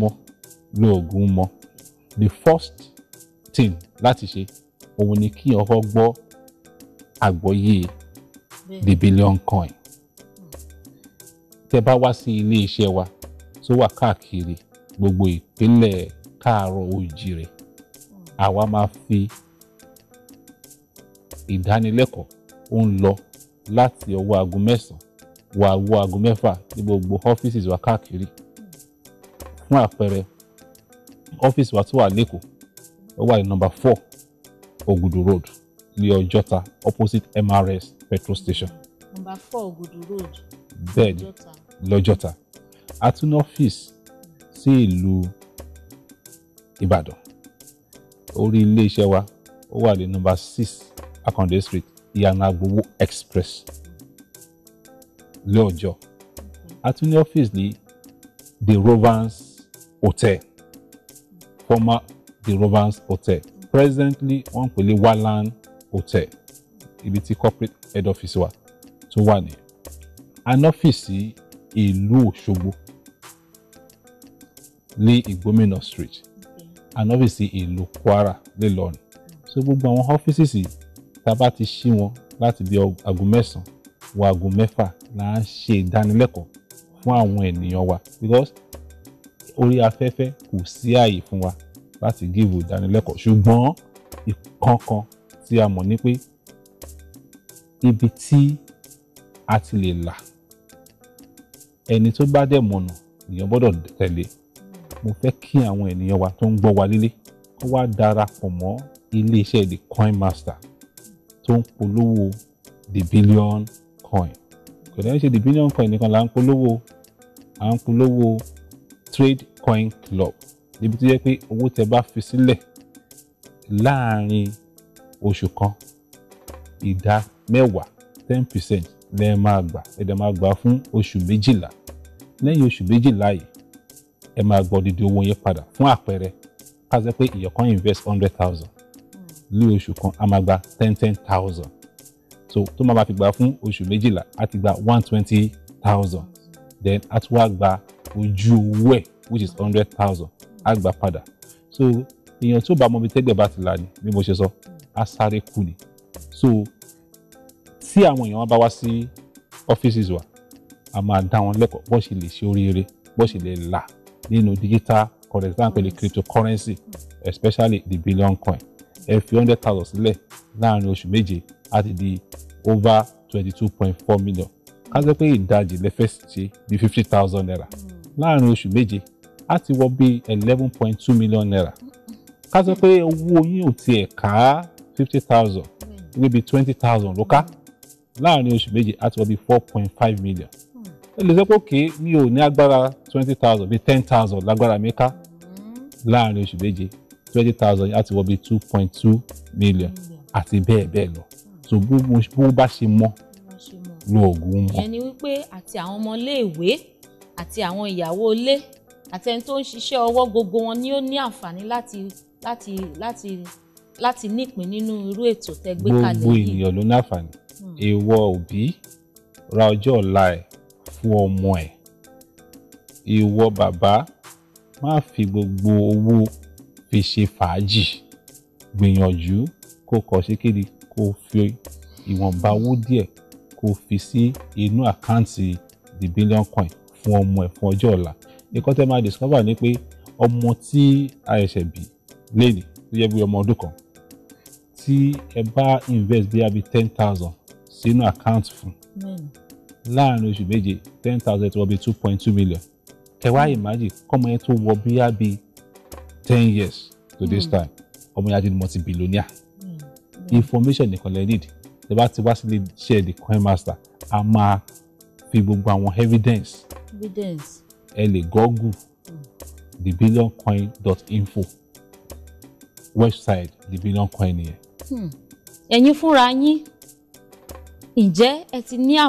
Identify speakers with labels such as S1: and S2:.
S1: lójoojúmọ́ lo oògùn the first thing láti ṣe òun ni kí ọkọ gbọ́ àgbọ́yé the billion coin tẹ́ bá wá sí ilé iṣẹ́ wa tó wà káàkiri gbogbo ìpínlẹ̀ káàárọ̀ oòjíire àwa máa fi ìdánilẹ́kọ̀ọ́ ó ń lọ láti ọwọ́ aago mẹ́sàn-án wọ aago mẹ́fà ní gbogbo ọ́fíìsì wa káàkiri fún àpẹẹrẹ ọ́fíìsì wa tó wà lẹ́kọ̀ọ́ ó wà ní nọ́mbà four Ogudu road ní Ọjọ́ta opposite MRS petrol station. nọ́mbà four Ogudu road bẹ́ẹ̀ni lọ́jọ́ta a tún ní ọ́fíìsì sí ìlú Ìbàdàn orí iléeṣẹ́ wa ó wà ní nọ́mbà six Akande street ìyànà agbowó express lọ́jọ́ a tún ní ọ́fíìsì ní the Rovans hotel former the rovers hotel presently wọ́n ń pè ní Walan hotel ibi tí corporate head office wa tó wà ní an ọ́fíìsì ìlú Òṣogbo ní Ìgbómìnà street an ọ́fíìsì ìlú Kwara l'Ílọrin so gbogbo àwọn ọ́fíìsì tá a bá ti ṣí wọn láti bí aago mẹ́sàn-án wọ aago mẹ́fà là ń ṣe ìdánilẹ́kọ̀ọ́ fún àwọn ènìyàn wa because orí afẹ́fẹ́ kò sí ààyè fún wa láti gíìvù ìdánilẹ́kọ̀ọ́ ṣùgbọ́n ìkankan tí a mọ̀ ni pé ibi tí a ti lè là ẹni tó bá dẹ̀ mọ̀nà èèyàn gbọ́dọ̀ tẹ̀lé mo fẹ́ kí àwọn ènìyàn wa tó ń gbọ́ wa lílé kó wá darapọ̀ mọ́ iléeṣẹ́ the coin master tó ń polówó the billion coin kò dẹ́n ṣe the billion coin nìkan là ń polówó à ń polówó trade coin club níbi tó jẹ́ pé owó tẹ bá fi sílẹ̀ láàárín oṣù kan ìdá mẹ́wàá ten percent lẹ́ máa gbà ẹ dẹ̀ máa gbà fún oṣù méjìlá lẹ́yìn oṣù méjìlá yìí ẹ máa gbọ́ dídí owó yẹn padà fún àpẹẹrẹ ká sẹ́ pé ìyẹ̀kan invest hundred thousand lórí oṣù kan a máa gba ten ten thousand so tó máa fi gbà fún oṣù méjìlá a ti gba one twenty thousand then a tún wá gba ojú owó ẹ̀ which is hundred thousand á gbà padà so èèyàn tí ó bá mọ ibi tẹ́gbẹ̀ bá ti là ní bí mo ṣe sọ á sáré kù ni so tí àwọn èèyàn bá wá sí offices wa a máa dá wọn lẹ́kọ̀ọ́ bó ṣe lè ṣe oríire bó ṣe lè là nínú digital currency tá à ń pè ní cryptocurrency especially the billion coin ẹ fi hundred thousand sílẹ̀ láàrin oṣù méje á ti di over twenty two point four million ká jẹ́ pé ìdajì lẹ́fẹ̀ẹ́ ṣe bí fifty thousand naira hmm. láàrin oṣù méje á ti wọ bíi eleven point two million naira ká sọ pé owó yín ò tiẹ̀ ká fifty thousand ìwé twenty thousand ló ká láàrin oṣù méjì á ti wọ bíi four point five million ẹ lè sọ pé òkè mi ò ní agbára twenty thousand bíi ten thousand lágbára mi ká láàrin oṣù méje twenty thousand á ti wọ bíi two point two million àti bẹ́ẹ̀ bẹ́ẹ̀ lọ so bó bá ṣe mọ́ lo oògùn wọn. ìyẹn ni wípé àti àwọn ọmọ iléèwé àti àwọn ìyàwó ilé àtẹni tó ń ṣiṣẹ́ ọwọ́ gbogbo wọn ni ó ní àǹfààní láti láti láti láti nípìn nínú irú ètò tẹ́ gbé kalẹ̀ yìí. gbogbo ènìyàn ló ní àǹfààní èèwọ̀ hmm. òbí ra ọjọ́ ọ̀la ẹ̀ fún ọmọ ẹ̀ èèwọ̀ bàbá má fi gbogbo owó fi ṣe fàájì gbìyànjú kó kọ sí kéde kó fi ìwọ̀nba owó díẹ̀ kó fi sí inú àkáǹtì the billion coin fún ọmọ ẹ̀ fún ọjọ́ ọ̀la nǹkan tẹ́ máa discover ni pé ọmọ tí a ẹ̀ṣẹ̀ bí lẹ́nìí tó yẹ bí ọmọ ọdún kan tí ẹ bá invest bí abi ten thousand sínú account fún hmm. láàrin oṣù méje ten thousand ti wọ bí two point two million kẹwàá hmm. imagine kọ́mọ yẹn tó wọ bí abi ten years to this hmm. time ọmọ yẹn á di multi billionaire information nìkan lẹ need tẹ́ bá ti wá sílé iṣẹ́ the coin master a máa fi gbogbo àwọn evidence. evidence ẹ lè google thebillioncoin.info website thebillioncoin nìyẹn. Hmm. ẹ̀yin fúnra yín ǹjẹ́ ẹ ti ní àwọn.